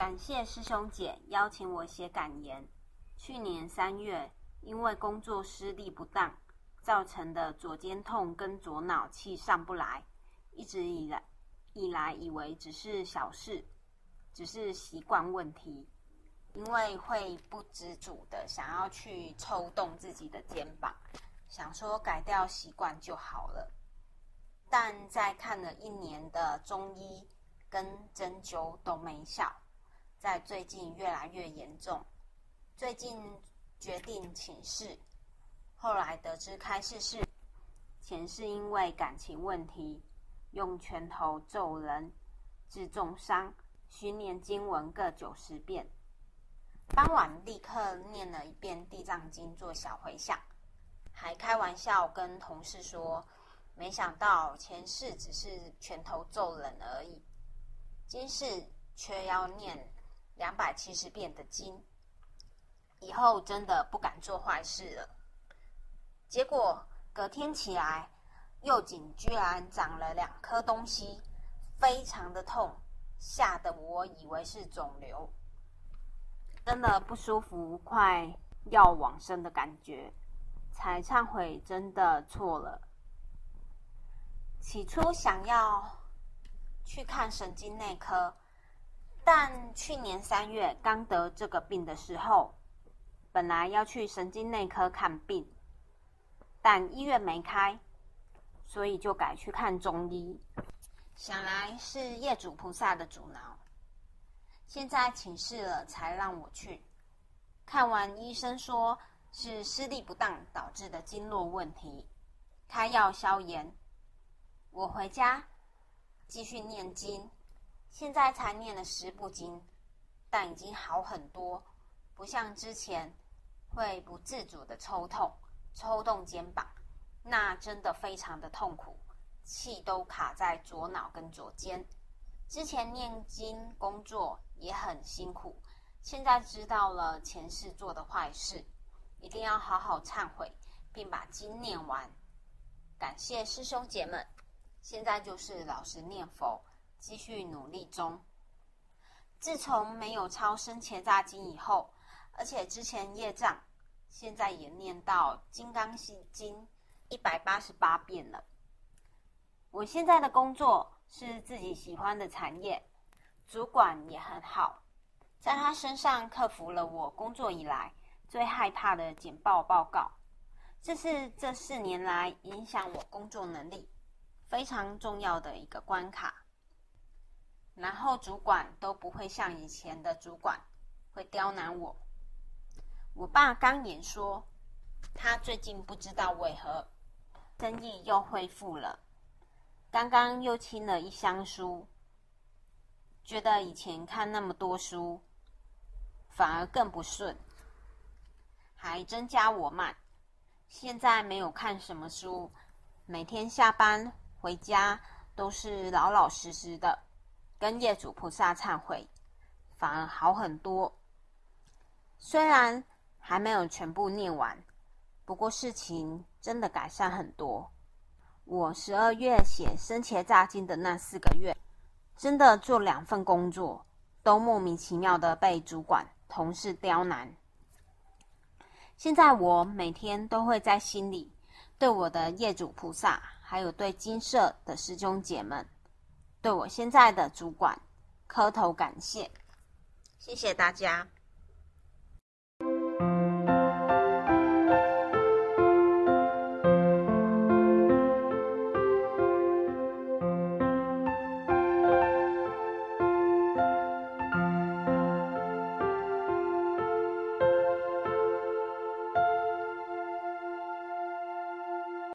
感謝師兄姐邀請我寫感言。去年三月，因為工作施力不當造成的左肩痛，跟左腦氣上不來，一直以來以來以為只是小事，只是習慣問題，因為會不自主的想要去抽動自己的肩膀，想說改掉習慣就好了。但在看了一年的中醫跟針灸都沒效。在最近越來越嚴重，最近決定請示，後來得知開示是前世因為感情問題用拳頭揍人致重傷，須念經文各九十遍，傍晚立刻念了一遍《地藏經》做小迴向，還開玩笑跟同事說，沒想到前世只是拳頭揍人而已，今世卻要念。兩百七十遍的經，以後真的不敢做壞事了。結果隔天起來，右頸居然長了兩顆東西，非常的痛，嚇得我以為是腫瘤，真的不舒服，快要往生的感覺，才懺悔真的錯了。起初想要去看神經內科。但去年三月剛得這個病的時候，本來要去神經內科看病，但醫院沒開，所以就改去看中醫。想來是業主菩薩的阻撓，現在請示了才讓我去。看完醫生說是施力不當導致的經絡問題，開藥消炎。我回家繼續念經。現在才念了十部經，但已經好很多，不像之前會不自主地抽痛、抽動肩膀，那真的非常的痛苦，氣都卡在左腦跟左肩。之前念經工作也很辛苦，現在知道了前世做的壞事，一定要好好懺悔，並把經念完。感謝師兄姐們，現在就是老實念佛。繼續努力中。自從沒有超生前炸金以後，而且之前業障，現在也念到《金剛經》一百八十八遍了。我現在的工作是自己喜歡的產業，主管也很好，在他身上克服了我工作以來最害怕的簡報報告，這是這四年來影響我工作能力非常重要的一個關卡。然後主管都不會像以前的主管會刁難我。我爸剛言說，他最近不知道為何生意又恢復了，剛剛又清了一箱書。覺得以前看那麼多書反而更不順，還增加我慢。現在沒有看什麼書，每天下班回家都是老老實實的。跟業主菩薩懺悔，反而好很多。雖然還沒有全部念完，不過事情真的改善很多。我十二月寫生前雜經的那四個月，真的做兩份工作，都莫名其妙的被主管同事刁難。現在我每天都會在心裡對我的業主菩薩，還有對精舍的師兄姐們。對我現在的主管，磕頭感謝。謝謝大家。